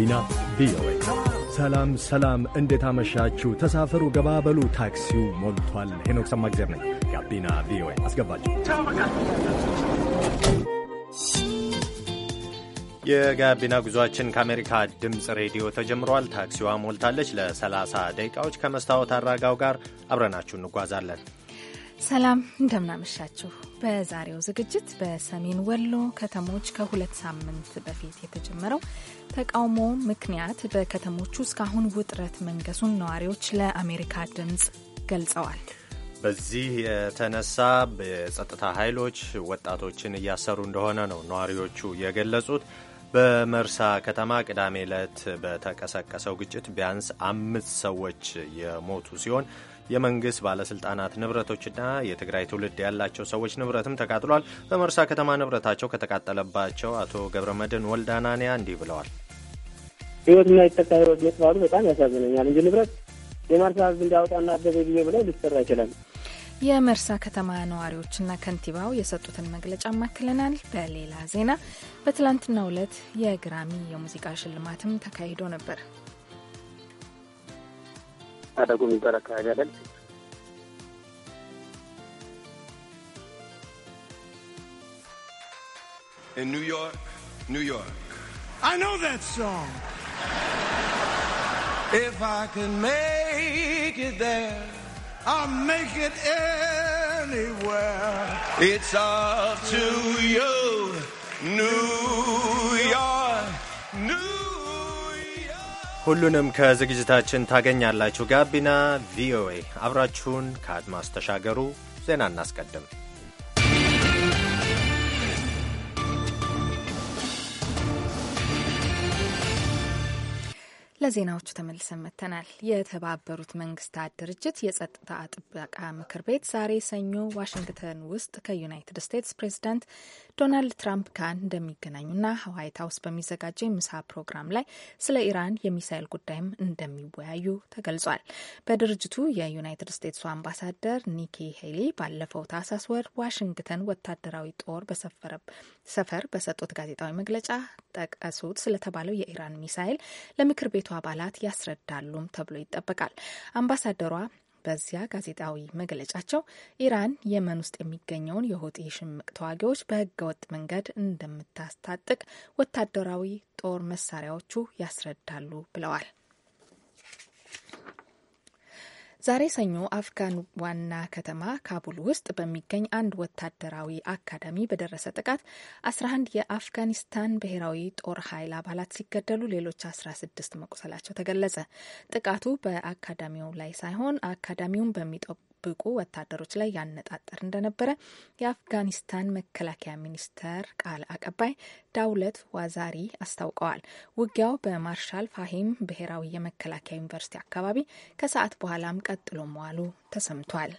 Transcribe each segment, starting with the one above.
ጋቢና ቪኦኤ። ሰላም ሰላም፣ እንዴት አመሻችሁ? ተሳፈሩ፣ ገባበሉ፣ ታክሲው ሞልቷል። ሄኖክ ሰማግዜር ነኝ። ጋቢና ቪኦኤ አስገባችሁ። የጋቢና ጉዟችን ከአሜሪካ ድምፅ ሬዲዮ ተጀምሯል። ታክሲዋ ሞልታለች። ለ30 ደቂቃዎች ከመስታወት አራጋው ጋር አብረናችሁ እንጓዛለን። ሰላም እንደምናመሻችሁ በዛሬው ዝግጅት በሰሜን ወሎ ከተሞች ከሁለት ሳምንት በፊት የተጀመረው ተቃውሞ ምክንያት በከተሞቹ እስካሁን ውጥረት መንገሱን ነዋሪዎች ለአሜሪካ ድምፅ ገልጸዋል። በዚህ የተነሳ የጸጥታ ኃይሎች ወጣቶችን እያሰሩ እንደሆነ ነው ነዋሪዎቹ የገለጹት። በመርሳ ከተማ ቅዳሜ ዕለት በተቀሰቀሰው ግጭት ቢያንስ አምስት ሰዎች የሞቱ ሲሆን የመንግስት ባለስልጣናት ንብረቶችና የትግራይ ትውልድ ያላቸው ሰዎች ንብረትም ተቃጥሏል። በመርሳ ከተማ ንብረታቸው ከተቃጠለባቸው አቶ ገብረ መድህን ወልዳናንያ እንዲህ ብለዋል። ህይወትና የተካ ህይወት መጥፋቱ በጣም ያሳዝነኛል እንጂ ንብረት የመርሳ ህዝብ እንዲያወጣና አደገ ጊዜ ብለው ሊሰራ ይችላል። የመርሳ ከተማ ነዋሪዎችና ከንቲባው የሰጡትን መግለጫ ማክለናል። በሌላ ዜና በትላንትናው ዕለት የግራሚ የሙዚቃ ሽልማትም ተካሂዶ ነበር። የሚባል አካባቢ አይደል? In New York, New York. I know that song. If I can make it there, I'll make it anywhere. It's up to you, New ሁሉንም ከዝግጅታችን ታገኛላችሁ። ጋቢና ቪኦኤ አብራችሁን ከአድማስ ተሻገሩ። ዜና እናስቀድም። ለዜናዎቹ ተመልሰን መጥተናል። የተባበሩት መንግስታት ድርጅት የጸጥታ ጥበቃ ምክር ቤት ዛሬ ሰኞ ዋሽንግተን ውስጥ ከዩናይትድ ስቴትስ ፕሬዚዳንት ዶናልድ ትራምፕ ጋር እንደሚገናኙና ዋይት ሀውስ በሚዘጋጀው የምሳ ፕሮግራም ላይ ስለ ኢራን የሚሳይል ጉዳይም እንደሚወያዩ ተገልጿል። በድርጅቱ የዩናይትድ ስቴትሱ አምባሳደር ኒኪ ሄሊ ባለፈው ታህሳስ ወር ዋሽንግተን ወታደራዊ ጦር ሰፈር በሰጡት ጋዜጣዊ መግለጫ ጠቀሱት ስለተባለው የኢራን ሚሳይል ለምክር ቤቱ አባላት ያስረዳሉም ተብሎ ይጠበቃል። አምባሳደሯ በዚያ ጋዜጣዊ መግለጫቸው ኢራን የመን ውስጥ የሚገኘውን የሆጤ ሽምቅ ተዋጊዎች በህገወጥ መንገድ እንደምታስታጥቅ ወታደራዊ ጦር መሳሪያዎቹ ያስረዳሉ ብለዋል። ዛሬ ሰኞ አፍጋን ዋና ከተማ ካቡል ውስጥ በሚገኝ አንድ ወታደራዊ አካዳሚ በደረሰ ጥቃት 11 የአፍጋኒስታን ብሔራዊ ጦር ኃይል አባላት ሲገደሉ ሌሎች 16 መቁሰላቸው ተገለጸ። ጥቃቱ በአካዳሚው ላይ ሳይሆን አካዳሚውን በሚጠቁ ብቁ ወታደሮች ላይ ያነጣጠር እንደነበረ የአፍጋኒስታን መከላከያ ሚኒስተር ቃል አቀባይ ዳውለት ዋዛሪ አስታውቀዋል። ውጊያው በማርሻል ፋሂም ብሔራዊ የመከላከያ ዩኒቨርሲቲ አካባቢ ከሰዓት በኋላም ቀጥሎ መዋሉ ተሰምቷል።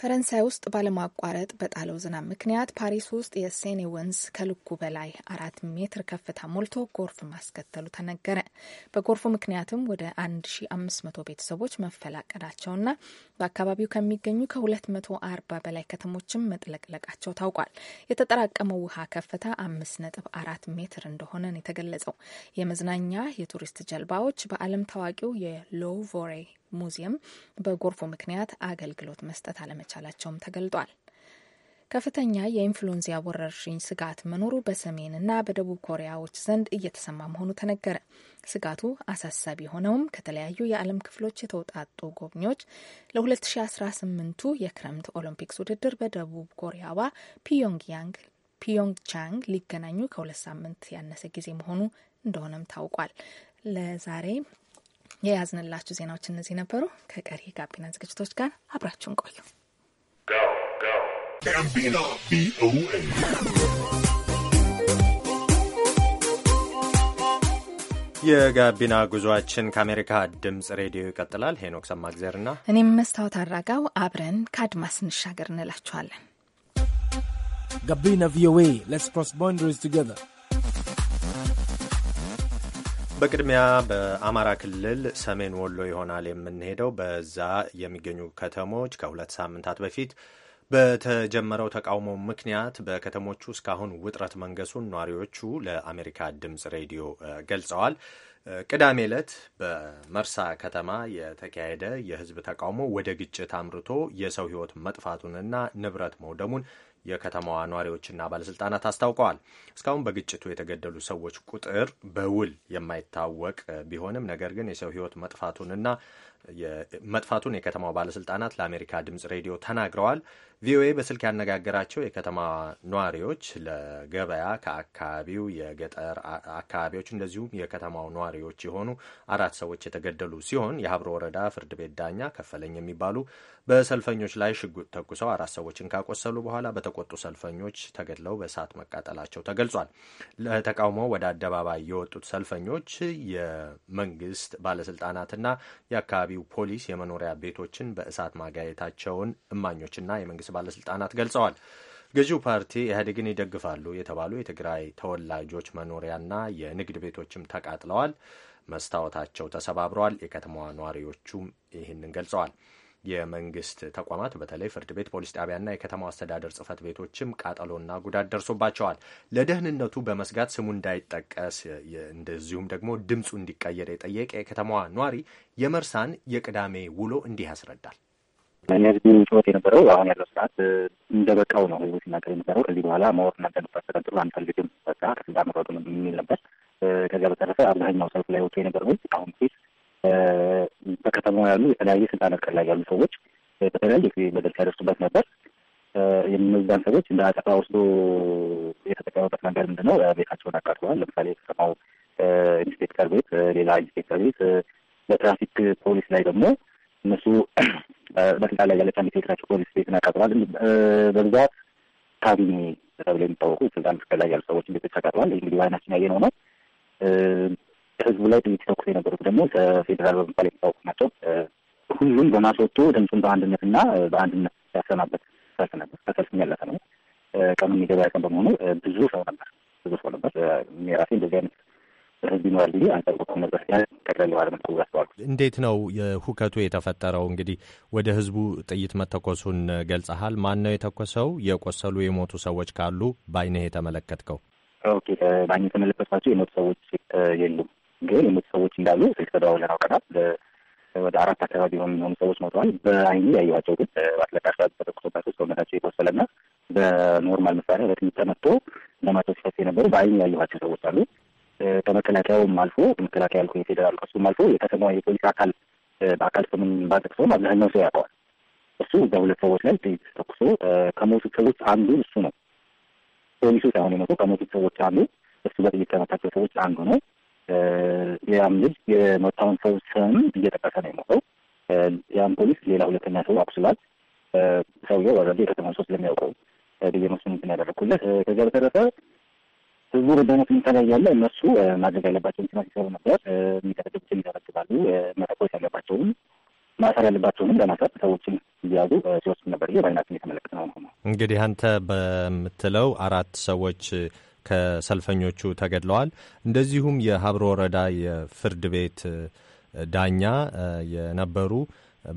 ፈረንሳይ ውስጥ ባለማቋረጥ በጣለው ዝናብ ምክንያት ፓሪስ ውስጥ የሴኔ ወንዝ ከልኩ በላይ አራት ሜትር ከፍታ ሞልቶ ጎርፍ ማስከተሉ ተነገረ። በጎርፉ ምክንያትም ወደ 1500 ቤተሰቦች መፈላቀላቸውና በአካባቢው ከሚገኙ ከ240 በላይ ከተሞችም መጥለቅለቃቸው ታውቋል። የተጠራቀመው ውሃ ከፍታ 5.4 ሜትር እንደሆነ ነው የተገለጸው። የመዝናኛ የቱሪስት ጀልባዎች በዓለም ታዋቂው የሎቮሬ ሙዚየም በጎርፉ ምክንያት አገልግሎት መስጠት አለመቻላቸውም ተገልጧል። ከፍተኛ የኢንፍሉዌንዛ ወረርሽኝ ስጋት መኖሩ በሰሜንና በደቡብ ኮሪያዎች ዘንድ እየተሰማ መሆኑ ተነገረ። ስጋቱ አሳሳቢ የሆነውም ከተለያዩ የዓለም ክፍሎች የተውጣጡ ጎብኚዎች ለ2018ቱ የክረምት ኦሎምፒክስ ውድድር በደቡብ ኮሪያዋ ፒዮንግያንግ ፒዮንግቻንግ ሊገናኙ ከሁለት ሳምንት ያነሰ ጊዜ መሆኑ እንደሆነም ታውቋል። ለዛሬ የያዝንላችሁ ዜናዎች እነዚህ ነበሩ። ከቀሪ ጋቢና ዝግጅቶች ጋር አብራችሁን ቆዩ። የጋቢና ጉዞአችን ከአሜሪካ ድምፅ ሬዲዮ ይቀጥላል። ሄኖክ ሰማግዘርና እኔም መስታወት አራጋው አብረን ከአድማስ እንሻገር እንላችኋለን። ጋቢና ቪኦኤ ሌትስ ክሮስ ባውንደሪስ ቱጌዘር በቅድሚያ በአማራ ክልል ሰሜን ወሎ ይሆናል የምንሄደው። በዛ የሚገኙ ከተሞች ከሁለት ሳምንታት በፊት በተጀመረው ተቃውሞ ምክንያት በከተሞቹ እስካሁን ውጥረት መንገሱን ነዋሪዎቹ ለአሜሪካ ድምፅ ሬዲዮ ገልጸዋል። ቅዳሜ ዕለት በመርሳ ከተማ የተካሄደ የህዝብ ተቃውሞ ወደ ግጭት አምርቶ የሰው ህይወት መጥፋቱንና ንብረት መውደሙን የከተማዋ ነዋሪዎችና ባለስልጣናት አስታውቀዋል። እስካሁን በግጭቱ የተገደሉ ሰዎች ቁጥር በውል የማይታወቅ ቢሆንም ነገር ግን የሰው ሕይወት መጥፋቱንና መጥፋቱን የከተማው ባለስልጣናት ለአሜሪካ ድምጽ ሬዲዮ ተናግረዋል። ቪኦኤ በስልክ ያነጋገራቸው የከተማ ነዋሪዎች ለገበያ ከአካባቢው የገጠር አካባቢዎች እንደዚሁም የከተማው ነዋሪዎች የሆኑ አራት ሰዎች የተገደሉ ሲሆን የሀብሮ ወረዳ ፍርድ ቤት ዳኛ ከፈለኝ የሚባሉ በሰልፈኞች ላይ ሽጉጥ ተኩሰው አራት ሰዎችን ካቆሰሉ በኋላ በተቆጡ ሰልፈኞች ተገድለው በእሳት መቃጠላቸው ተገልጿል። ለተቃውሞ ወደ አደባባይ የወጡት ሰልፈኞች የመንግስት ባለስልጣናትና የአካባቢ የአካባቢው ፖሊስ የመኖሪያ ቤቶችን በእሳት ማጋየታቸውን እማኞችና የመንግስት ባለስልጣናት ገልጸዋል። ገዢው ፓርቲ ኢህአዴግን ይደግፋሉ የተባሉ የትግራይ ተወላጆች መኖሪያና የንግድ ቤቶችም ተቃጥለዋል፣ መስታወታቸው ተሰባብረዋል። የከተማዋ ነዋሪዎቹም ይህንን ገልጸዋል። የመንግስት ተቋማት በተለይ ፍርድ ቤት፣ ፖሊስ ጣቢያና የከተማው አስተዳደር ጽህፈት ቤቶችም ቃጠሎና ጉዳት ደርሶባቸዋል። ለደህንነቱ በመስጋት ስሙ እንዳይጠቀስ እንደዚሁም ደግሞ ድምፁ እንዲቀየር የጠየቀ የከተማዋ ኗሪ የመርሳን የቅዳሜ ውሎ እንዲህ ያስረዳል። እነዚህ ጩኸት የነበረው አሁን ያለው ስርዓት እንደ በቃው ነው ህዝቡ ሲናገር የነበረው። ከዚህ በኋላ መወር እናንተ ልታስተዳድሩ አንፈልግም፣ በቃ ከስልጣን መውረዱ የሚል ነበር። ከዚያ በተረፈ አብዛኛው ሰልፍ ላይ ወጥቶ የነበረው አሁን ፊት በከተማው ያሉ የተለያየ ስልጣን እርከን ላይ ያሉ ሰዎች በተለያየ ጊዜ በደል ሲያደርሱበት ነበር። የእነዛን ሰዎች እንደ አጸፋ ወስዶ የተጠቀመበት ነገር ምንድን ነው? ቤታቸውን አቃጥለዋል። ለምሳሌ የከተማው ኢንስፔክተር ቤት፣ ሌላ ኢንስፔክተር ቤት፣ በትራፊክ ፖሊስ ላይ ደግሞ እነሱ በስልጣን ላይ ያለች አንዲት የትራፊክ ፖሊስ ቤትን አቃጥለዋል። በብዛት ካቢኔ ተብሎ የሚታወቁ ስልጣን እርከን ላይ ያሉ ሰዎች ቤቶች አቃጥለዋል። ይህ እንግዲህ በዓይናችን ያየነው ነው። ህዝቡ ላይ ድምጽ ተኩስ የነበሩት ደግሞ ከፌዴራል በመባል የሚታወቁ ናቸው። ሁሉም በማስወጡ ድምፁን በአንድነትና በአንድነት ያሰማበት ሰልፍ ነበር። ከሰልፍም ያለፈ ነው። ቀኑ የሚገባ ቀን በመሆኑ ብዙ ሰው ነበር። ብዙ ሰው ነበር። የራሴ እንደዚህ አይነት ህዝብ ይኖራል ብዬ አልጠብኩም ነበር። ያ ጠቅላላ ባለመልኩ ያስተዋሉ። እንዴት ነው የሁከቱ የተፈጠረው? እንግዲህ ወደ ህዝቡ ጥይት መተኮሱን ገልጸሃል። ማን ነው የተኮሰው? የቆሰሉ የሞቱ ሰዎች ካሉ ባይነህ የተመለከትከው? ኦኬ፣ በአይን የተመለከትኳቸው የሞቱ ሰዎች የሉም ግን የሞቱ ሰዎች እንዳሉ ስልክ ተደዋውለን አውቀናል። ወደ አራት አካባቢ የሚሆኑ ሰዎች ሞተዋል። በአይኔ ያየኋቸው ግን በአስለቃሽ ጋዝ ተተኩሶባቸው ሰውነታቸው የቆሰለ የቆሰለና በኖርማል መሳሪያ በጥይት ተመቶ ደማቸው ሲፈስ የነበሩ በአይኔ ያየኋቸው ሰዎች አሉ። ከመከላከያውም አልፎ መከላከያ ያልኩ የፌዴራል ከሱም አልፎ የከተማዋ የፖሊስ አካል በአካል ስምን ባጠቅሰውም አብዛኛው ሰው ያውቀዋል። እሱ እዛ ሁለት ሰዎች ላይ ጥይት ተኩሶ ከሞቱት ሰዎች አንዱ እሱ ነው። ፖሊሱ ሳይሆን የመጡ ከሞቱት ሰዎች አንዱ እሱ በጥይት ከመታቸው ሰዎች አንዱ ነው። ሌላም ልጅ የመታውን ሰው ስም እየጠቀሰ ነው የሞተው። ያም ፖሊስ ሌላ ሁለተኛ ሰው አቁስሏል። ሰውየው ወረደ የከተማ ሰው ስለሚያውቀው ብዬ መስሎኝ እንትን ያደረግኩለት። ከዚያ በተረፈ ህዝቡ በደህንነት ሁኔታ ላይ ያለ እነሱ ማድረግ ያለባቸውን ስራ ሲሰሩ ነበር። የሚደረግብትን ይደረግባሉ። መተኮስ ያለባቸውን ማሰር ያለባቸውንም ለማሰር ሰዎችን እያያዙ ሲወስዱ ነበር። ይሄ በአይናችን የተመለከትነው ነው። እንግዲህ አንተ በምትለው አራት ሰዎች ከሰልፈኞቹ ተገድለዋል። እንደዚሁም የሀብሮ ወረዳ የፍርድ ቤት ዳኛ የነበሩ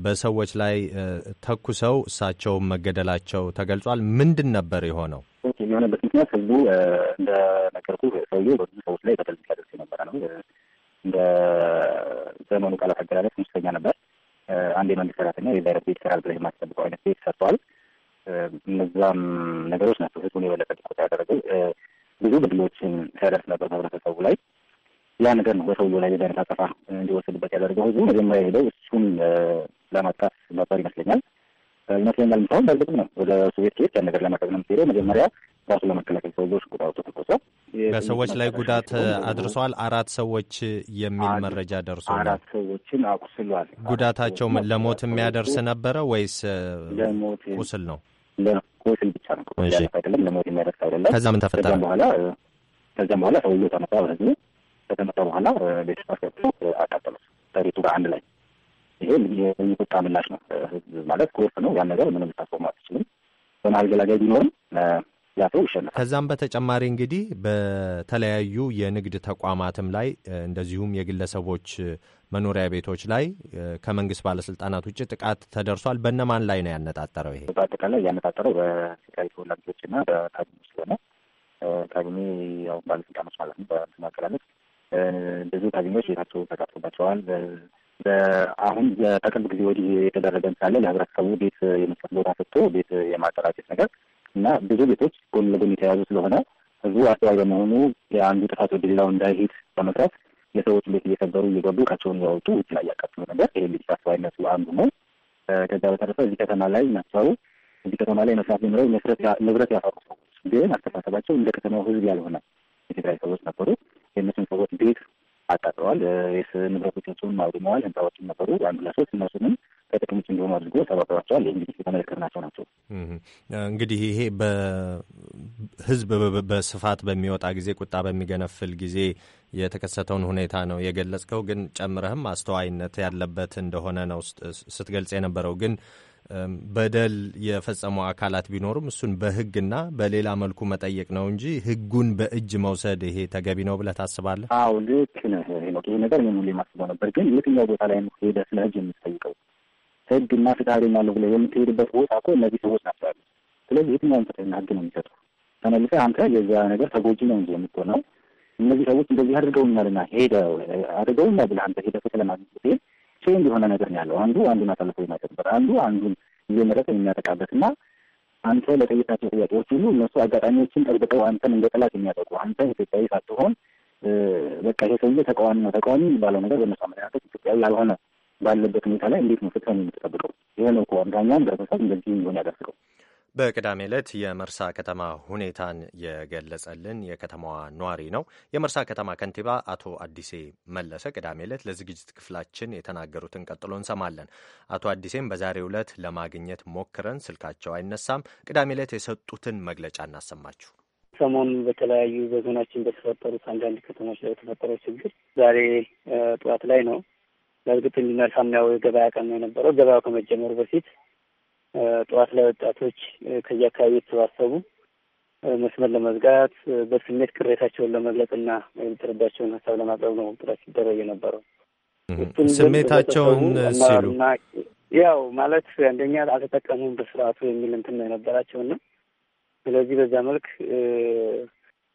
በሰዎች ላይ ተኩሰው እሳቸውን መገደላቸው ተገልጿል። ምንድን ነበር የሆነው? የሆነበት ምክንያት ህዝቡ እንደነገርኩ ሰውዬው በብዙ ሰዎች ላይ በደል ሲያደርስ የነበረ ነው። እንደ ዘመኑ ቃላት አገላለጽ ሙስተኛ ነበር። አንድ የመንግስት ሰራተኛ የዛይረት ቤት ይሰራል ብለህ የማትጠብቀው አይነት ቤት ሰጥቷል። እነዛም ነገሮች ናቸው ህዝቡን የበለጠ ቁጣ ያደረገው። ብዙ በድሎችን ነበር ህብረተሰቡ ላይ ያ ነገር ነው በሰውየው ላይ የዛይነት አጠፋ እንዲወስድበት ያደርገው። ህዝቡ መጀመሪያ ሄደው እሱን ለማጥቃት ነበር ይመስለኛል ይመስለኛል ምሳሁን በእርግጥም ነው ወደ ሶቪየት ከሄድ ያን ነገር ለማድረግ ነው የምትሄደው። መጀመሪያ ራሱ ለመከላከል ሰዎች ጉዳዩ ተኮሰ፣ በሰዎች ላይ ጉዳት አድርሷል። አራት ሰዎች የሚል መረጃ ደርሶ አራት ሰዎችን አቁስሏል። ጉዳታቸው ለሞት የሚያደርስ ነበረ ወይስ ቁስል ነው? ለቁስል ብቻ ነው አይደለም፣ ለሞት የሚያደርስ አይደለም። ከዛ ምን ተፈጠረ በኋላ ከዚያም በኋላ ሰውዬው ማለት ነው። ከተመጣ በኋላ ቤተሰብ አስገብቶ አቃጠሉት ጠሪቱ ጋር አንድ ላይ። ይሄ እንግዲህ የቁጣ ምላሽ ነው። ህዝብ ማለት ጎርፍ ነው። ያን ነገር ምንም ታስቆም አትችልም። በመሀል ገላጋይ ቢኖርም ያሰው ይሸናል። ከዛም በተጨማሪ እንግዲህ በተለያዩ የንግድ ተቋማትም ላይ እንደዚሁም የግለሰቦች መኖሪያ ቤቶች ላይ ከመንግስት ባለስልጣናት ውጭ ጥቃት ተደርሷል። በነማን ላይ ነው ያነጣጠረው? ይሄ በአጠቃላይ ያነጣጠረው በትግራይ ተወላጆችና በካቢኔ ስለሆነ ካቢኔ ያው ባለስልጣኖች ማለት ነው። በማቀላለት ብዙ ካቢኔዎች ቤታቸው ተቃጥሎባቸዋል። አሁን በቅርብ ጊዜ ወዲህ የተደረገ ምሳሌ ለህብረተሰቡ ቤት የመስጠት ቦታ ሰጥቶ ቤት የማጠራጨት ነገር እና ብዙ ቤቶች ጎን ለጎን የተያዙ ስለሆነ ህዝቡ አስተዋይ በመሆኑ የአንዱ ጥፋት ወደ ሌላው እንዳይሄድ በመቅረት የሰዎች ቤት እየሰበሩ እየገቡ እቃቸውን እያወጡ ውጭ ላይ ያቃጥሉ ነገር ይሄ እንግዲህ አስተዋይነቱ አንዱ ነው። ከዛ በተረፈ እዚህ ከተማ ላይ ነበሩ እዚህ ከተማ ላይ መስራት ጀምረው ንብረት ያፈሩ ሰዎች ግን አስተሳሰባቸው እንደ ከተማው ህዝብ ያልሆነ የትግራይ ሰዎች ነበሩ። የእነሱን ሰዎች ቤት አቃጥለዋል። ንብረቶቻቸውን አውድመዋል። ህንፃዎችን ነበሩ አንድ ለሶስት እነሱንም ከጥቅም ውጭ እንዲሆኑ አድርጎ ተባብሯቸዋል። ይህ እንግዲህ የተመለከትናቸው ናቸው። እንግዲህ ይሄ በህዝብ በስፋት በሚወጣ ጊዜ ቁጣ በሚገነፍል ጊዜ የተከሰተውን ሁኔታ ነው የገለጽከው። ግን ጨምረህም አስተዋይነት ያለበት እንደሆነ ነው ስትገልጽ የነበረው ግን በደል የፈጸሙ አካላት ቢኖሩም እሱን በህግና በሌላ መልኩ መጠየቅ ነው እንጂ ህጉን በእጅ መውሰድ ይሄ ተገቢ ነው ብለህ ታስባለህ? አዎ ልክ ነህ። ይሄ ነገር ምን ማስበው ነበር፣ ግን የትኛው ቦታ ላይ ነው ሄደህ ስለ ህግ የምትጠይቀው? ህግ እና ፍትህ አገኛለሁ ብለህ የምትሄድበት ቦታ እኮ እነዚህ ሰዎች ናቸው ስለዚህ የትኛውን ፍትህና ህግ ነው የሚሰጡ? ተመልሰህ አንተ የዚያ ነገር ተጎጂ ነው እንጂ የምትሆነው እነዚህ ሰዎች እንደዚህ አድርገውኛልና ሄደ አድርገውኛል ብለህ አንተ ሄደህ ፍትህ ለማግኘት ስትሄድ ቼንጅ የሆነ ነገር ያለው። አንዱ አንዱን አሳልፎ የማይሰጥበት፣ አንዱ አንዱን እየመረጠ እና አንተ ለጠየቃቸው ጥያቄዎች ሁሉ እነሱ አጋጣሚዎችን ጠብቀው አንተን እንደ ጠላት የሚያጠቁ አንተ ኢትዮጵያዊ ሳትሆን በቃ ይሄ ሰውዬ ተቃዋሚ ነው ተቃዋሚ የሚባለው ነገር በነሱ አመለካከት ኢትዮጵያዊ ያልሆነ ባለበት ሁኔታ ላይ እንዴት ነው ፍትህን የምትጠብቀው? ይሄ ነው እኮ አብዛኛውን ህብረተሰብ እንደዚህ የሚሆን ያደርገው። በቅዳሜ ዕለት የመርሳ ከተማ ሁኔታን የገለጸልን የከተማዋ ነዋሪ ነው። የመርሳ ከተማ ከንቲባ አቶ አዲሴ መለሰ ቅዳሜ ዕለት ለዝግጅት ክፍላችን የተናገሩትን ቀጥሎ እንሰማለን። አቶ አዲሴም በዛሬ ዕለት ለማግኘት ሞክረን ስልካቸው አይነሳም። ቅዳሜ ዕለት የሰጡትን መግለጫ እናሰማችሁ። ሰሞኑን በተለያዩ በዞናችን በተፈጠሩት አንዳንድ ከተሞች ላይ የተፈጠረው ችግር ዛሬ ጠዋት ላይ ነው። በእርግጥ እንዲመርሳም ያው የገበያ ቀን ነው የነበረው። ገበያው ከመጀመሩ በፊት ጠዋት ላይ ወጣቶች ከየአካባቢ የተሰባሰቡ መስመር ለመዝጋት በስሜት ቅሬታቸውን ለመግለጽና የሚጥርባቸውን ሀሳብ ለማቅረብ ነው ጥረት ሲደረግ የነበረው። ስሜታቸውን ሲሉ ያው ማለት አንደኛ አልተጠቀሙም በስርዓቱ የሚል እንትን ነው የነበራቸውና ስለዚህ በዛ መልክ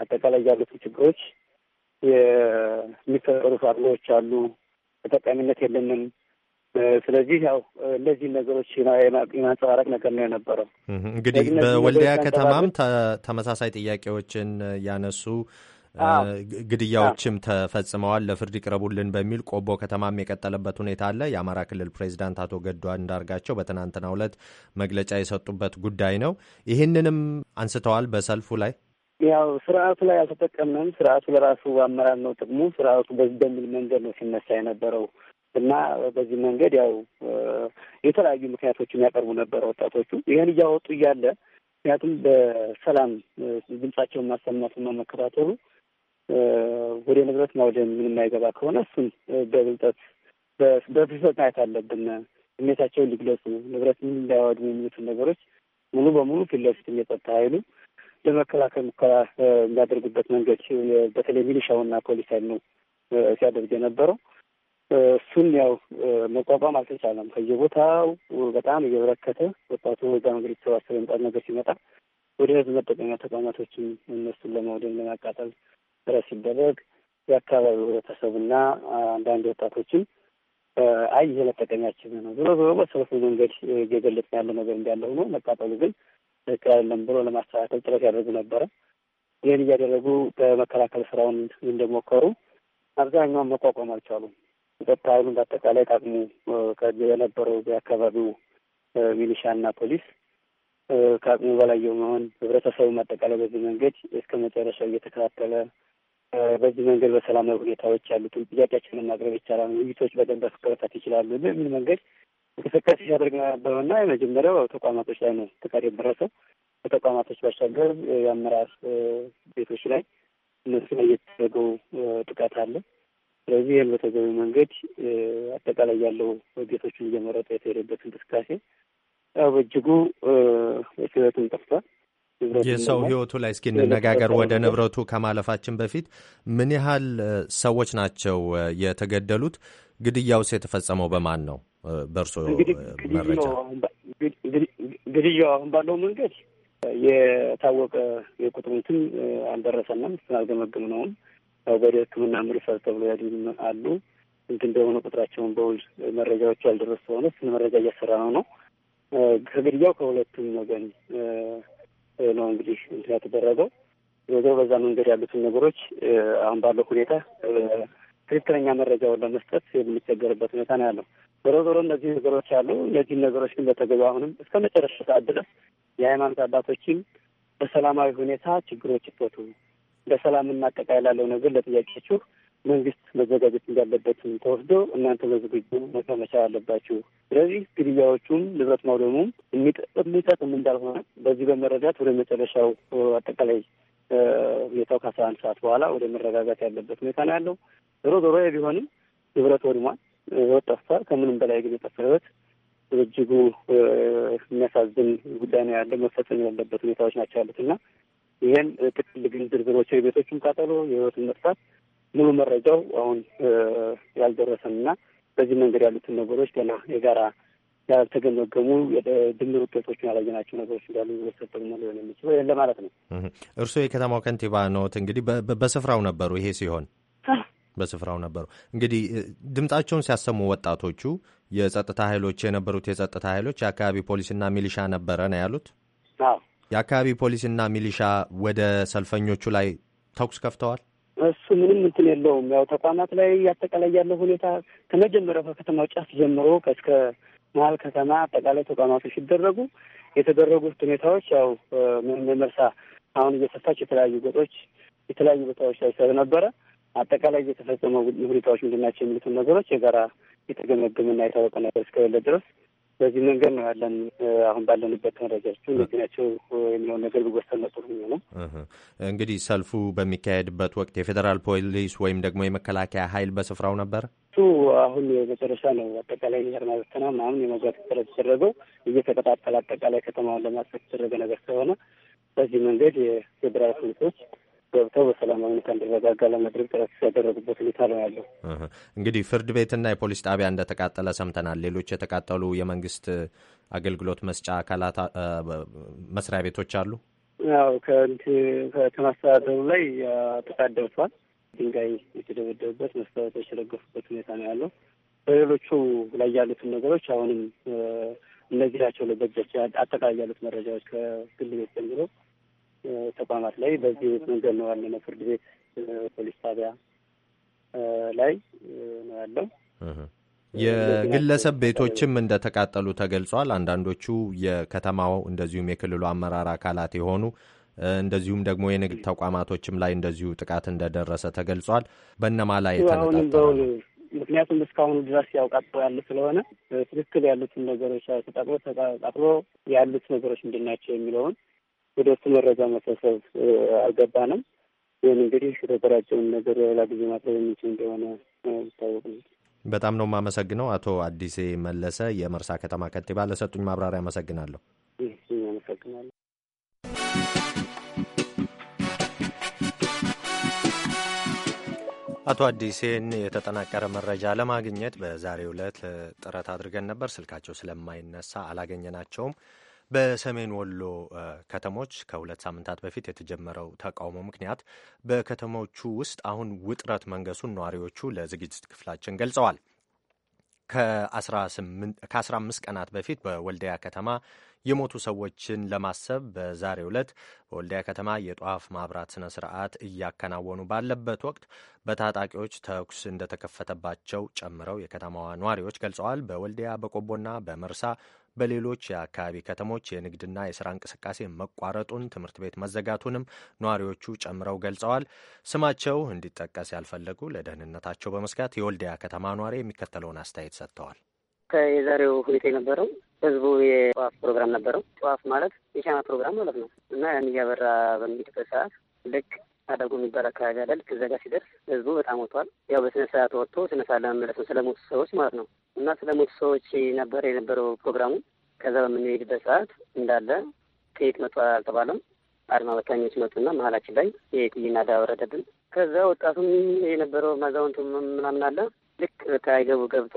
አጠቃላይ ያሉትን ችግሮች የሚፈጠሩ አድሎዎች አሉ፣ ተጠቃሚነት የለንም ስለዚህ ያው እነዚህ ነገሮች የማንጸባረቅ ነገር ነው የነበረው። እንግዲህ በወልዲያ ከተማም ተመሳሳይ ጥያቄዎችን ያነሱ ግድያዎችም ተፈጽመዋል፣ ለፍርድ ይቅረቡልን በሚል ቆቦ ከተማም የቀጠለበት ሁኔታ አለ። የአማራ ክልል ፕሬዚዳንት አቶ ገዱ እንዳርጋቸው በትናንትናው ዕለት መግለጫ የሰጡበት ጉዳይ ነው። ይህንንም አንስተዋል በሰልፉ ላይ ያው ስርዓቱ ላይ አልተጠቀምንም። ስርዓቱ ለራሱ አመራር ነው ጥቅሙ። ስርዓቱ በዚህ በሚል መንገድ ነው ሲነሳ የነበረው እና በዚህ መንገድ ያው የተለያዩ ምክንያቶችን ያቀርቡ ነበረ ወጣቶቹ። ይህን እያወጡ እያለ ምክንያቱም በሰላም ድምጻቸውን ማሰማቱ መከታተሉ ወደ ንብረትና ወደ የማይገባ ከሆነ እሱም በብልጠት በፍሰት ማየት አለብን። ስሜታቸውን ሊግለጹ ንብረት እንዳያወድሙ የሚሉትን ነገሮች ሙሉ በሙሉ ፊት ለፊት እየጸጥታ ኃይሉ ለመከላከል ሙከራ የሚያደርጉበት መንገድ በተለይ ሚሊሻውና ፖሊስ ኃይል ነው ሲያደርግ የነበረው። እሱን ያው መቋቋም አልተቻለም። ከየቦታው በጣም እየበረከተ ወጣቱ ወዛ መንገድ የተሰባሰበ ምጣት ነገር ሲመጣ ወደ ህዝብ መጠቀሚያ ተቋማቶችን እነሱን ለማውደም ለማቃጠል ጥረት ሲደረግ የአካባቢው ህብረተሰብና አንዳንድ ወጣቶችን አይ ይሄ መጠቀሚያችን ነው ዞሮ ዞሮ በሰልፉ መንገድ እየገለጽን ያለ ነገር እንዳለ ሆኖ መቃጠሉ ግን ትክክል አይደለም ብሎ ለማስተካከል ጥረት ያደርጉ ነበረ። ይህን እያደረጉ በመከላከል ስራውን እንደሞከሩ አብዛኛውን መቋቋም አልቻሉም። የጸጥታ ኃይሉን በአጠቃላይ ታቅሙ ከዚ የነበረው የአካባቢው ሚሊሻና ፖሊስ ከአቅሙ በላይ የመሆን ህብረተሰቡ አጠቃላይ በዚህ መንገድ እስከ መጨረሻው እየተከታተለ በዚህ መንገድ በሰላማዊ ሁኔታዎች ያሉትን ጥያቄያችንን ማቅረብ ይቻላል፣ ውይይቶች በደንብ በፍቅረታት ይችላሉ በሚል መንገድ እንቅስቃሴ ሲያደርግ ነበረው እና የመጀመሪያው ተቋማቶች ላይ ነው ጥቃት የደረሰው። ከተቋማቶች ባሻገር የአመራር ቤቶች ላይ እነሱ ላይ የተደረገው ጥቃት አለ። ስለዚህ ይህን በተገቢ መንገድ አጠቃላይ ያለው ቤቶችን እየመረጠ የተሄደበት እንቅስቃሴ ያው በእጅጉ ህይወትን ጠፍቷል። የሰው ህይወቱ ላይ እስኪ እንነጋገር። ወደ ንብረቱ ከማለፋችን በፊት ምን ያህል ሰዎች ናቸው የተገደሉት? ግድያውስ የተፈጸመው በማን ነው? በእርሶ መረጃ ግድያው አሁን ባለው መንገድ የታወቀ የቁጥሩትም አልደረሰና ስላልገመገም ነውን ወደ ሕክምና ምርፈር ተብሎ ያሉም አሉ። እንግዲህ እንደሆነ ቁጥራቸውን በውል መረጃዎች ያልደረሱ ሆነ ስን መረጃ እያሰራ ነው ነው ከግድያው ከሁለቱም ወገን ነው እንግዲህ እንትን ያተደረገው ወደ በዛ መንገድ ያሉትን ነገሮች አሁን ባለው ሁኔታ ትክክለኛ መረጃውን ለመስጠት የምንቸገርበት ሁኔታ ነው ያለው። ዞሮ ዞሮ እነዚህ ነገሮች አሉ። እነዚህን ነገሮች ግን በተገቢ አሁንም እስከ መጨረሻ ሰዓት ድረስ የሃይማኖት አባቶችም በሰላማዊ ሁኔታ ችግሮች ይፈቱ በሰላም አጠቃላይ ላለው ነገር ለጥያቄያችሁ መንግስት መዘጋጀት እንዳለበትም ተወስዶ እናንተ በዝግጁ መቻል መቻል አለባችሁ። ስለዚህ ግድያዎቹም ንብረት ማውደሙም የሚጠቅም እንዳልሆነ በዚህ በመረዳት ወደ መጨረሻው አጠቃላይ ሁኔታው ከአስራ አንድ ሰዓት በኋላ ወደ መረጋጋት ያለበት ሁኔታ ነው ያለው። ዞሮ ዞሮ ቢሆንም ንብረት ወድሟል፣ ህይወት ጠፍቷል። ከምንም በላይ ግን የጠፋ ህይወት በእጅጉ የሚያሳዝን ጉዳይ ነው ያለ መፈጸም ያለበት ሁኔታዎች ናቸው ያሉት እና ይህን ጥቅል ግን ዝርዝሮች የቤቶችን ቃጠሎ፣ የህይወትን መጥፋት ሙሉ መረጃው አሁን ያልደረሰን እና በዚህ መንገድ ያሉትን ነገሮች ገና የጋራ ያልተገመገሙ ድምር ውጤቶችን ያላየናቸው ነገሮች እንዳሉ ወሰጠ ሊሆን የሚችለው ይህን ለማለት ነው። እርስዎ የከተማው ከንቲባ ኖት። እንግዲህ በስፍራው ነበሩ። ይሄ ሲሆን በስፍራው ነበሩ። እንግዲህ ድምጻቸውን ሲያሰሙ ወጣቶቹ የጸጥታ ኃይሎች የነበሩት የጸጥታ ኃይሎች የአካባቢ ፖሊስና ሚሊሻ ነበረ ነው ያሉት። የአካባቢ ፖሊስና ሚሊሻ ወደ ሰልፈኞቹ ላይ ተኩስ ከፍተዋል። እሱ ምንም እንትን የለውም። ያው ተቋማት ላይ ያጠቃላይ ያለው ሁኔታ ከመጀመሪያው ከከተማው ጫፍ ጀምሮ እስከ መሀል ከተማ አጠቃላይ ተቋማቶች ሲደረጉ የተደረጉት ሁኔታዎች ያው መመርሳ አሁን እየሰፋች የተለያዩ ገጦች የተለያዩ ቦታዎች ላይ ስለነበረ አጠቃላይ እየተፈጸመ ሁኔታዎች ምንድናቸው የሚሉትን ነገሮች የጋራ የተገመገመና የታወቀ ነገር እስከሌለ ድረስ በዚህ መንገድ ነው ያለን። አሁን ባለንበት መረጃዎቹ እንደዚህ ናቸው የሚለውን ነገር ቢወሰን ጥሩ ነው። እንግዲህ ሰልፉ በሚካሄድበት ወቅት የፌዴራል ፖሊስ ወይም ደግሞ የመከላከያ ኃይል በስፍራው ነበር። እሱ አሁን የመጨረሻ ነው። አጠቃላይ የአድማ ብተና ምናምን የመግባት ጥረት ተደረገው እየተቀጣጠለ አጠቃላይ ከተማውን ለማጥፋት የተደረገ ነገር ስለሆነ በዚህ መንገድ የፌዴራል ፖሊሶች ገብተው በሰላማዊ ሁኔታ እንዲረጋጋ ለማድረግ ጥረት ያደረጉበት ሁኔታ ነው ያለው። እንግዲህ ፍርድ ቤትና የፖሊስ ጣቢያ እንደተቃጠለ ሰምተናል። ሌሎች የተቃጠሉ የመንግስት አገልግሎት መስጫ አካላት መስሪያ ቤቶች አሉ። ያው ከተማ አስተዳደሩ ላይ ጥቃት ደርሷል። ድንጋይ የተደበደቡበት፣ መስታወቶች የተረገፉበት ሁኔታ ነው ያለው። በሌሎቹ ላይ ያሉትን ነገሮች አሁንም እነዚህ ናቸው። ለበጃቸው አጠቃላይ ያሉት መረጃዎች ከግል ቤት ጀምሮ ተቋማት ላይ በዚህ ቤት መንገድ ነው ያለነው። ፍርድ ቤት፣ ፖሊስ ጣቢያ ላይ ነው ያለው። የግለሰብ ቤቶችም እንደተቃጠሉ ተገልጿል። አንዳንዶቹ የከተማው እንደዚሁም የክልሉ አመራር አካላት የሆኑ እንደዚሁም ደግሞ የንግድ ተቋማቶችም ላይ እንደዚሁ ጥቃት እንደደረሰ ተገልጿል። በነማ ላይ የተነጣጠረ ምክንያቱም እስካሁኑ ድረስ ያውቃጥሎ ያለ ስለሆነ ትክክል ያሉትን ነገሮች ተጠቅሎ ተቃጥሎ ያሉት ነገሮች ምንድን ናቸው የሚለውን ወደ እሱ መረጃ መሰብሰብ አልገባንም። ይህን እንግዲህ የተደራጀውን ነገር በሌላ ጊዜ ማድረግ የሚችል እንደሆነ ይታወቅ ነው። በጣም ነው የማመሰግነው አቶ አዲሴ መለሰ የመርሳ ከተማ ከንቲባ ለሰጡኝ ማብራሪያ አመሰግናለሁ። አመሰግናለሁ። አቶ አዲሴን የተጠናቀረ መረጃ ለማግኘት በዛሬው ዕለት ጥረት አድርገን ነበር። ስልካቸው ስለማይነሳ አላገኘናቸውም። በሰሜን ወሎ ከተሞች ከሁለት ሳምንታት በፊት የተጀመረው ተቃውሞ ምክንያት በከተሞቹ ውስጥ አሁን ውጥረት መንገሱን ነዋሪዎቹ ለዝግጅት ክፍላችን ገልጸዋል። ከ15 ቀናት በፊት በወልዲያ ከተማ የሞቱ ሰዎችን ለማሰብ በዛሬው ዕለት በወልዲያ ከተማ የጧፍ ማብራት ስነ ስርዓት እያከናወኑ ባለበት ወቅት በታጣቂዎች ተኩስ እንደተከፈተባቸው ጨምረው የከተማዋ ነዋሪዎች ገልጸዋል። በወልዲያ በቆቦና በመርሳ በሌሎች የአካባቢ ከተሞች የንግድና የስራ እንቅስቃሴ መቋረጡን፣ ትምህርት ቤት መዘጋቱንም ነዋሪዎቹ ጨምረው ገልጸዋል። ስማቸው እንዲጠቀስ ያልፈለጉ ለደህንነታቸው በመስጋት የወልዲያ ከተማ ነዋሪ የሚከተለውን አስተያየት ሰጥተዋል። የዛሬው ሁኔታ የነበረው ህዝቡ የጠዋፍ ፕሮግራም ነበረው። ጠዋፍ ማለት የሻማ ፕሮግራም ማለት ነው እና ያን እያበራ በሚሄድበት ሰዓት ልክ አደጉ የሚባል አካባቢ አለ። ልክ እዛ ጋር ሲደርስ ህዝቡ በጣም ወጥቷል። ያው በስነ ስርዓት ወጥቶ ስነ ስርዓት ለመመለስ ነው ስለሞቱ ሰዎች ማለት ነው። እና ስለሞቱ ሰዎች ነበር የነበረው ፕሮግራሙ። ከዛ በምንሄድበት ሰዓት እንዳለ ከየት መጡ አልተባለም። አድማ በታኞች መጡና መሀላችን ላይ የትይና ዳወረደብን። ከዛ ወጣቱም የነበረው ማዛውንቱ ምናምን አለ ልክ በቃ ገብቶ ገብቶ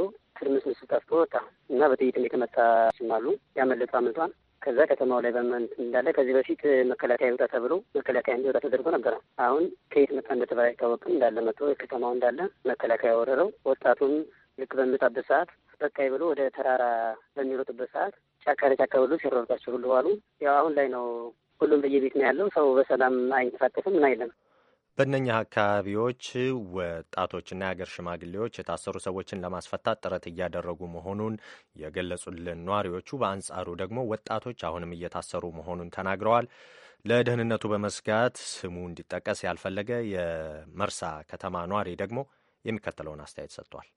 ምስል ጠፍቶ ወጣ እና በጥይትም የተመታ ሽማሉ ያመለጡ አምልጧል። ከዛ ከተማው ላይ በመንት እንዳለ ከዚህ በፊት መከላከያ ይውጣ ተብሎ መከላከያ እንዲወጣ ተደርጎ ነበረ። አሁን ከየት መጣ እንደተባለ አይታወቅም። እንዳለ መጥቶ ከተማው እንዳለ መከላከያ ወረረው። ወጣቱን ልክ በሚወጣበት ሰዓት በቃይ ብሎ ወደ ተራራ በሚሮጥበት ሰዓት ጫካ ለጫካ ብሎ ሲሮጣቸው ሁሉ ዋሉ። ያው አሁን ላይ ነው ሁሉም በየቤት ነው ያለው። ሰው በሰላም አይንቀሳቀስም ምን አይለም። በእነኛ አካባቢዎች ወጣቶችና የአገር ሽማግሌዎች የታሰሩ ሰዎችን ለማስፈታት ጥረት እያደረጉ መሆኑን የገለጹልን ነዋሪዎቹ በአንጻሩ ደግሞ ወጣቶች አሁንም እየታሰሩ መሆኑን ተናግረዋል። ለደህንነቱ በመስጋት ስሙ እንዲጠቀስ ያልፈለገ የመርሳ ከተማ ነዋሪ ደግሞ የሚከተለውን አስተያየት ሰጥቷል።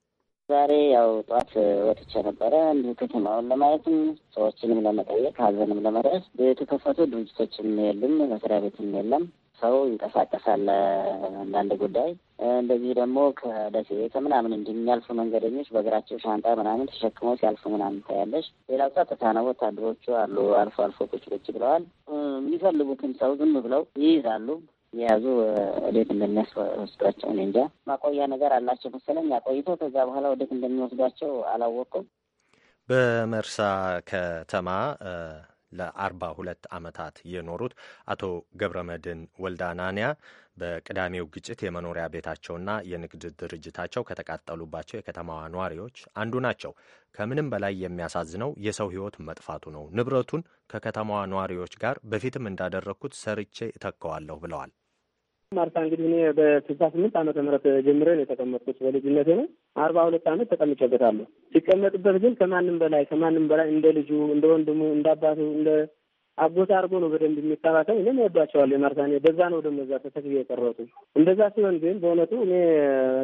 ዛሬ ያው ጠዋት ወጥቼ ነበረ እንዲሁ ከተማውን ለማየትም ሰዎችንም ለመጠየቅ ሀዘንም ለመድረስ ቤቱ ከፈቱ ድርጅቶችም የሉም መስሪያ ቤትም የለም ሰው ይንቀሳቀሳል። አንዳንድ ጉዳይ እንደዚህ ደግሞ ከደሴ ከምናምን እንዲህ የሚያልፉ መንገደኞች በእግራቸው ሻንጣ ምናምን ተሸክመው ሲያልፉ ምናምን ታያለሽ። ሌላው ጸጥታ ነው። ወታደሮቹ አሉ። አልፎ አልፎ ቁጭ ቁጭ ብለዋል። የሚፈልጉትን ሰው ዝም ብለው ይይዛሉ። የያዙ ወዴት እንደሚያስወስዷቸው እኔ እንጃ። ማቆያ ነገር አላቸው መሰለኝ አቆይተው ከዛ በኋላ ወዴት እንደሚወስዷቸው አላወቁም። በመርሳ ከተማ ለአርባ ሁለት ዓመታት የኖሩት አቶ ገብረመድህን ወልዳናንያ በቅዳሜው ግጭት የመኖሪያ ቤታቸውና የንግድ ድርጅታቸው ከተቃጠሉባቸው የከተማዋ ነዋሪዎች አንዱ ናቸው። ከምንም በላይ የሚያሳዝነው የሰው ሕይወት መጥፋቱ ነው። ንብረቱን ከከተማዋ ነዋሪዎች ጋር በፊትም እንዳደረግኩት ሰርቼ እተከዋለሁ ብለዋል። ማርታ እንግዲህ እኔ በስልሳ ስምንት ዓመተ ምህረት ጀምሬ ነው የተቀመጥኩት። በልጅነቴ ነው አርባ ሁለት ዓመት ተቀምጨበታለሁ ሲቀመጥበት ግን ከማንም በላይ ከማንም በላይ እንደ ልጁ እንደ ወንድሙ እንደ አባቱ እንደ አጎት አድርጎ ነው በደንብ የሚከባከብ። እኔም ወዷቸዋለሁ የማርሳኔ በዛ ነው ደግሞ እዛ ተተክዬ የቀረቱ። እንደዛ ሲሆን ግን በእውነቱ እኔ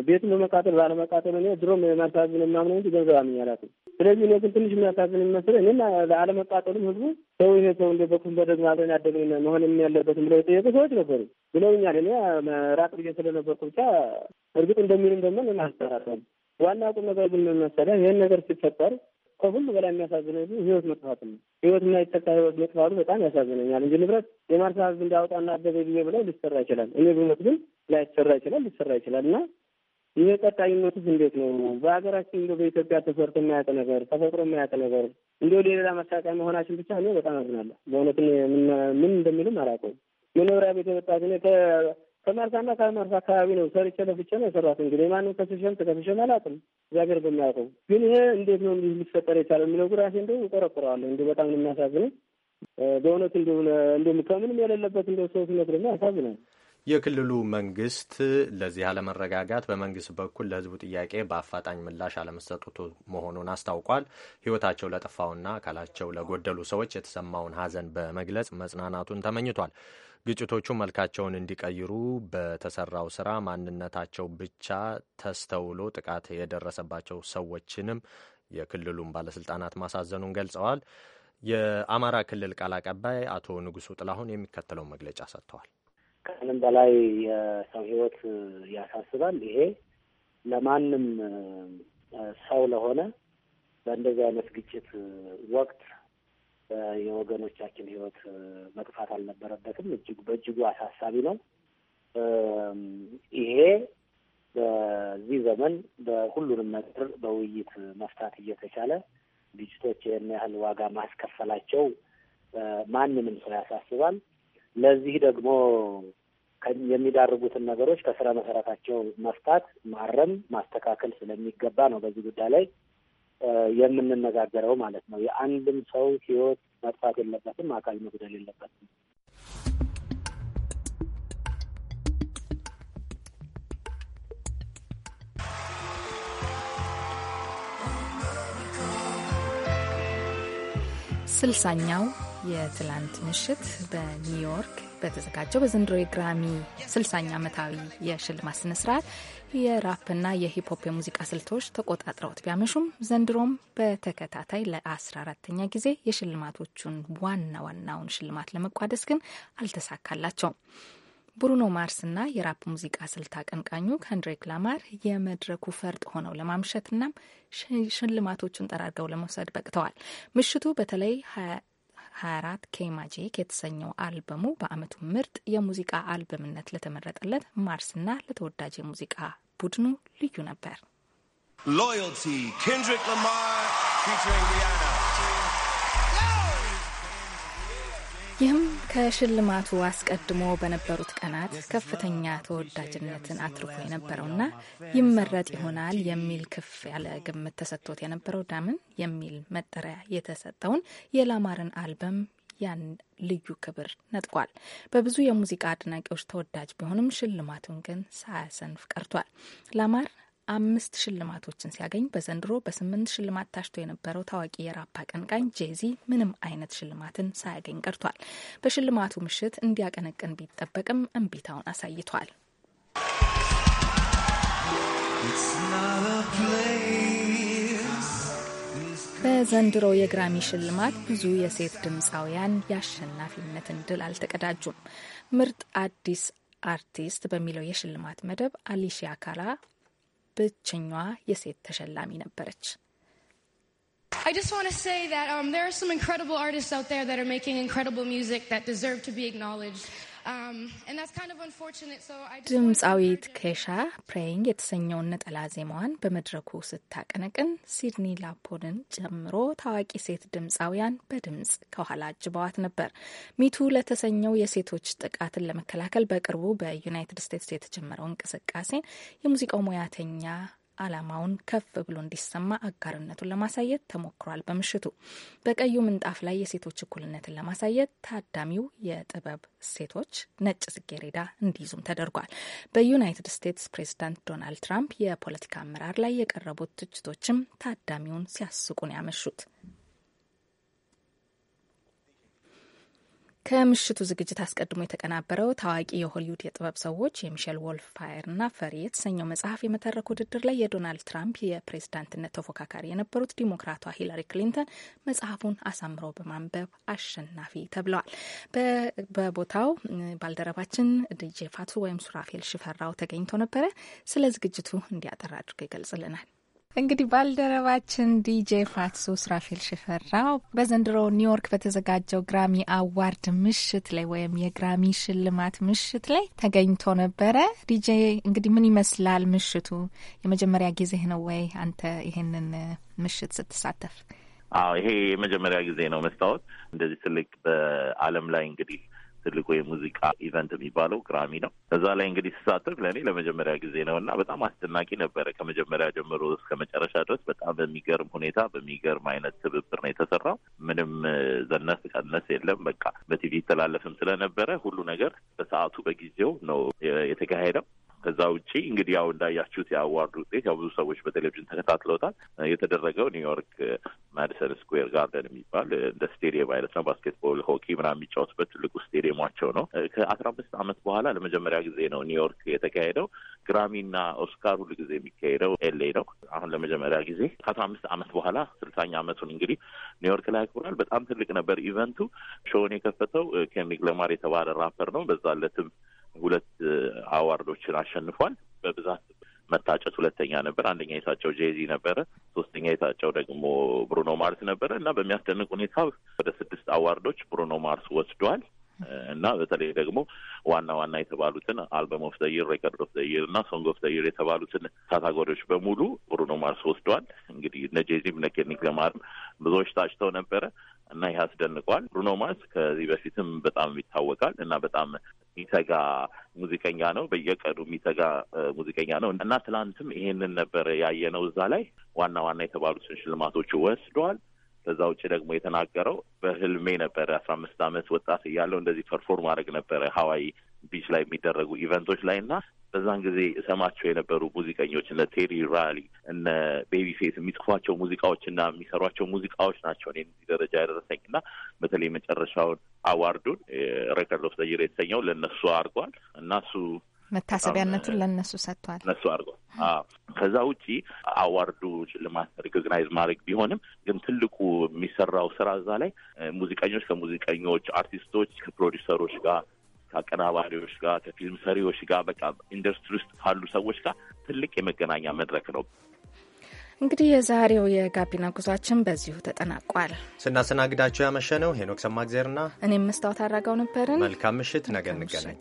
ቤቱን በመቃጠል ባለመቃጠል እኔ ድሮም የማታዝን የማምነ እንጂ ገንዘብ አምኛላት። ስለዚህ እኔ ግን ትንሽ የሚያሳዝን የሚመስለው እኔም አለመቃጠሉም ህዝቡ ሰው ይሄ ሰው እንደ በኩል በደግ አብረን ያደግ መሆን የሚያለበትም ብለው የጠየቁ ሰዎች ነበሩ ብለውኛል። እኔ ራቅ ብዬ ስለነበርኩ ብቻ እርግጥ እንደሚሉም ደግሞ ምን አስተራረም ዋና ቁም ነገር ግን ምን መሰለህ ይህን ነገር ሲፈጠር ከሁሉ በላይ የሚያሳዝነው ግን ህይወት መጥፋት ነው። ህይወት የማይተካ ህይወት መጥፋቱ በጣም ያሳዝነኛል እንጂ ንብረት የማርሳ ህዝብ እንዳያወጣና አበበ ጊዜ ብለው ሊሰራ ይችላል። እኔ ብሞት ግን ላይሰራ ይችላል፣ ሊሰራ ይችላል እና ይህ ቀጣይነቱስ እንዴት ነው? በሀገራችን እንደ በኢትዮጵያ ተሰርቶ የማያውቅ ነገር ተፈጥሮ የማያውቅ ነገር እንዲሁ ሌላ መሳቂያ መሆናችን ብቻ እኔ በጣም አዝናለሁ። በእውነት ምን እንደሚልም አላውቀውም። መኖሪያ ቤት የመጣት ከማርሳና ከማርሳ አካባቢ ነው ሰርቼ ለፍቼ ነው የሰራት። እንግዲህ ማንም ከስሸም ተከስሸም አላውቅም፣ እግዚአብሔር በሚያውቀው ግን ይሄ እንዴት ነው እንዲህ ሊፈጠር የቻለ የሚለው ራሴ እንደ እቆረቁረዋለሁ። እንዲ በጣም የሚያሳዝነው በእውነት እንዲሁም ከምንም የሌለበት እንደ ሰውነት ደግሞ ያሳዝናል። የክልሉ መንግስት ለዚህ አለመረጋጋት በመንግስት በኩል ለህዝቡ ጥያቄ በአፋጣኝ ምላሽ አለመሰጠቱ መሆኑን አስታውቋል። ህይወታቸው ለጠፋውና አካላቸው ለጎደሉ ሰዎች የተሰማውን ሀዘን በመግለጽ መጽናናቱን ተመኝቷል። ግጭቶቹ መልካቸውን እንዲቀይሩ በተሰራው ስራ ማንነታቸው ብቻ ተስተውሎ ጥቃት የደረሰባቸው ሰዎችንም የክልሉን ባለስልጣናት ማሳዘኑን ገልጸዋል። የአማራ ክልል ቃል አቀባይ አቶ ንጉሱ ጥላሁን የሚከተለውን መግለጫ ሰጥተዋል። ከምንም በላይ የሰው ህይወት ያሳስባል። ይሄ ለማንም ሰው ለሆነ በእንደዚህ አይነት ግጭት ወቅት የወገኖቻችን ህይወት መጥፋት አልነበረበትም። እጅግ በእጅጉ አሳሳቢ ነው። ይሄ በዚህ ዘመን በሁሉንም ነገር በውይይት መፍታት እየተቻለ ግጭቶች ይህን ያህል ዋጋ ማስከፈላቸው ማንንም ሰው ያሳስባል። ለዚህ ደግሞ የሚዳርጉትን ነገሮች ከስረ መሰረታቸው መፍታት፣ ማረም፣ ማስተካከል ስለሚገባ ነው። በዚህ ጉዳይ ላይ የምንነጋገረው ማለት ነው። የአንድም ሰው ህይወት መጥፋት የለበትም፣ አካል መጉደል የለበትም። ስልሳኛው የትላንት ምሽት በኒውዮርክ በተዘጋጀው በዘንድሮ የግራሚ ስልሳኛ ዓመታዊ የሽልማት ስነስርዓት የራፕና የሂፕሆፕ የሙዚቃ ስልቶች ተቆጣጥረውት ቢያመሹም ዘንድሮም በተከታታይ ለ14ተኛ ጊዜ የሽልማቶቹን ዋና ዋናውን ሽልማት ለመቋደስ ግን አልተሳካላቸው። ብሩኖ ማርስና የራፕ ሙዚቃ ስልት አቀንቃኙ ከንድሪክ ላማር የመድረኩ ፈርጥ ሆነው ለማምሸት እናም ሽልማቶቹን ጠራርገው ለመውሰድ በቅተዋል። ምሽቱ በተለይ 24 ኬማጂክ የተሰኘው አልበሙ በአመቱ ምርጥ የሙዚቃ አልበምነት ለተመረጠለት ማርስና ለተወዳጅ የሙዚቃ ቡድኑ ልዩ ነበር። ሎያልቲ ኬንድሪክ Lamar featuring ይህም ከሽልማቱ አስቀድሞ በነበሩት ቀናት ከፍተኛ ተወዳጅነትን አትርፎ የነበረውና ይመረጥ ይሆናል የሚል ከፍ ያለ ግምት ተሰጥቶት የነበረው ዳምን የሚል መጠሪያ የተሰጠውን የላማርን አልበም ያን ልዩ ክብር ነጥቋል። በብዙ የሙዚቃ አድናቂዎች ተወዳጅ ቢሆንም ሽልማቱን ግን ሳያሰንፍ ቀርቷል። ላማር አምስት ሽልማቶችን ሲያገኝ በዘንድሮ በስምንት ሽልማት ታሽቶ የነበረው ታዋቂ የራፕ አቀንቃኝ ጄዚ ምንም አይነት ሽልማትን ሳያገኝ ቀርቷል። በሽልማቱ ምሽት እንዲያቀነቅን ቢጠበቅም እምቢታውን አሳይቷል። በዘንድሮ የግራሚ ሽልማት ብዙ የሴት ድምፃውያን የአሸናፊነትን ድል አልተቀዳጁም። ምርጥ አዲስ አርቲስት በሚለው የሽልማት መደብ አሊሺያ ካላ ብቸኛዋ የሴት ተሸላሚ ነበረች። I just want to say that um, there are some incredible artists out there that are making incredible music that deserve to be acknowledged. Um, ድምፃዊት ኬሻ ፕሬይንግ የተሰኘውን ነጠላ ዜማዋን በመድረኩ ስታቀነቅን ሲድኒ ላፖድን ጨምሮ ታዋቂ ሴት ድምፃውያን በድምፅ ከኋላ አጅበዋት ነበር። ሚቱ ለተሰኘው የሴቶች ጥቃትን ለመከላከል በቅርቡ በዩናይትድ ስቴትስ የተጀመረው እንቅስቃሴን የሙዚቃው ሙያተኛ ዓላማውን ከፍ ብሎ እንዲሰማ አጋርነቱን ለማሳየት ተሞክሯል። በምሽቱ በቀዩ ምንጣፍ ላይ የሴቶች እኩልነትን ለማሳየት ታዳሚው የጥበብ ሴቶች ነጭ ጽጌረዳ እንዲይዙም ተደርጓል። በዩናይትድ ስቴትስ ፕሬዚዳንት ዶናልድ ትራምፕ የፖለቲካ አመራር ላይ የቀረቡት ትችቶችም ታዳሚውን ሲያስቁን ያመሹት ከምሽቱ ዝግጅት አስቀድሞ የተቀናበረው ታዋቂ የሆሊውድ የጥበብ ሰዎች የሚሸል ዎልፍ ፋየርና ፈሪ የተሰኘው መጽሐፍ የመተረክ ውድድር ላይ የዶናልድ ትራምፕ የፕሬዝዳንትነት ተፎካካሪ የነበሩት ዲሞክራቷ ሂላሪ ክሊንተን መጽሐፉን አሳምረው በማንበብ አሸናፊ ተብለዋል። በቦታው ባልደረባችን ድጄ ፋቱ ወይም ሱራፌል ሽፈራው ተገኝቶ ነበረ። ስለ ዝግጅቱ እንዲያጠር አድርገው ይገልጽልናል። እንግዲህ ባልደረባችን ዲጄ ፋትሶ ስራፌል ሽፈራው በዘንድሮ ኒውዮርክ በተዘጋጀው ግራሚ አዋርድ ምሽት ላይ ወይም የግራሚ ሽልማት ምሽት ላይ ተገኝቶ ነበረ። ዲጄ እንግዲህ ምን ይመስላል ምሽቱ? የመጀመሪያ ጊዜ ነው ወይ አንተ ይሄንን ምሽት ስትሳተፍ? አዎ ይሄ የመጀመሪያ ጊዜ ነው መስታወት። እንደዚህ ትልቅ በዓለም ላይ እንግዲህ ትልቁ የሙዚቃ ኢቨንት የሚባለው ግራሚ ነው። እዛ ላይ እንግዲህ ስሳተፍ ለእኔ ለመጀመሪያ ጊዜ ነው እና በጣም አስደናቂ ነበረ። ከመጀመሪያ ጀምሮ እስከ መጨረሻ ድረስ በጣም በሚገርም ሁኔታ በሚገርም አይነት ትብብር ነው የተሰራው። ምንም ዘነስ ቀነስ የለም። በቃ በቲቪ ይተላለፍም ስለነበረ ሁሉ ነገር በሰዓቱ በጊዜው ነው የተካሄደው። ከዛ ውጪ እንግዲህ ያው እንዳያችሁት የአዋርድ ውጤት ያው ብዙ ሰዎች በቴሌቪዥን ተከታትለውታል። የተደረገው ኒውዮርክ ማዲሰን ስኩዌር ጋርደን የሚባል እንደ ስቴዲየም አይነት ነው። ባስኬትቦል፣ ሆኪ ምናምን የሚጫወቱበት ትልቁ ስቴዲየሟቸው ነው። ከአስራ አምስት ዓመት በኋላ ለመጀመሪያ ጊዜ ነው ኒውዮርክ የተካሄደው። ግራሚና ኦስካር ሁሉ ጊዜ የሚካሄደው ኤሌ ነው። አሁን ለመጀመሪያ ጊዜ ከአስራ አምስት ዓመት በኋላ ስልሳኛ ዓመቱን እንግዲህ ኒውዮርክ ላይ ያክብራል። በጣም ትልቅ ነበር ኢቨንቱ። ሾውን የከፈተው ኬንድሪክ ለማር የተባለ ራፐር ነው። በዛ ሁለት አዋርዶችን አሸንፏል። በብዛት መታጨት ሁለተኛ ነበር። አንደኛ የታጨው ጄዚ ነበረ። ሶስተኛ የታጨው ደግሞ ብሩኖ ማርስ ነበረ እና በሚያስደንቅ ሁኔታ ወደ ስድስት አዋርዶች ብሩኖ ማርስ ወስዷል እና በተለይ ደግሞ ዋና ዋና የተባሉትን አልበም ኦፍ ዘይር፣ ሬከርድ ኦፍ ዘይር እና ሶንግ ኦፍ ዘይር የተባሉትን ካታጎሪዎች በሙሉ ብሩኖ ማርስ ወስዷል። እንግዲህ እነ ጄዚም እነ ኬኒክ ለማርም ብዙዎች ታጭተው ነበረ እና ይህ አስደንቋል። ብሩኖ ማርስ ከዚህ በፊትም በጣም ይታወቃል እና በጣም የሚተጋ ሙዚቀኛ ነው። በየቀኑ የሚተጋ ሙዚቀኛ ነው እና ትላንትም ይሄንን ነበር ያየነው። እዛ ላይ ዋና ዋና የተባሉትን ሽልማቶቹ ወስደዋል። ከዛ ውጭ ደግሞ የተናገረው በህልሜ ነበረ አስራ አምስት አመት ወጣት እያለው እንደዚህ ፐርፎርም አድረግ ነበረ ሀዋይ ቢች ላይ የሚደረጉ ኢቨንቶች ላይ እና በዛን ጊዜ እሰማቸው የነበሩ ሙዚቀኞች እነ ቴሪ ራሊ፣ እነ ቤቢ ፌስ የሚጽፏቸው ሙዚቃዎችና የሚሰሯቸው ሙዚቃዎች ናቸው እኔን እዚህ ደረጃ ያደረሰኝ እና በተለይ መጨረሻውን አዋርዱን ሬከርድ ኦፍ ዘይር የተሰኘው ለእነሱ አድርጓል እና እሱ መታሰቢያነቱን ለእነሱ ሰጥቷል። እነሱ አድርጓል። ከዛ ውጪ አዋርዱ ሽልማት ሪኮግናይዝ ማድረግ ቢሆንም ግን ትልቁ የሚሰራው ስራ እዛ ላይ ሙዚቀኞች ከሙዚቀኞች አርቲስቶች ከፕሮዲሰሮች ጋር ከአቀናባሪዎች ጋር ከፊልም ሰሪዎች ጋር በቃ ኢንዱስትሪ ውስጥ ካሉ ሰዎች ጋር ትልቅ የመገናኛ መድረክ ነው። እንግዲህ የዛሬው የጋቢና ጉዟችን በዚሁ ተጠናቋል። ስናስተናግዳቸው ያመሸ ነው ሄኖክ ሰማግዜርና እኔም መስታወት አድራጋው ነበርን። መልካም ምሽት፣ ነገ እንገናኝ።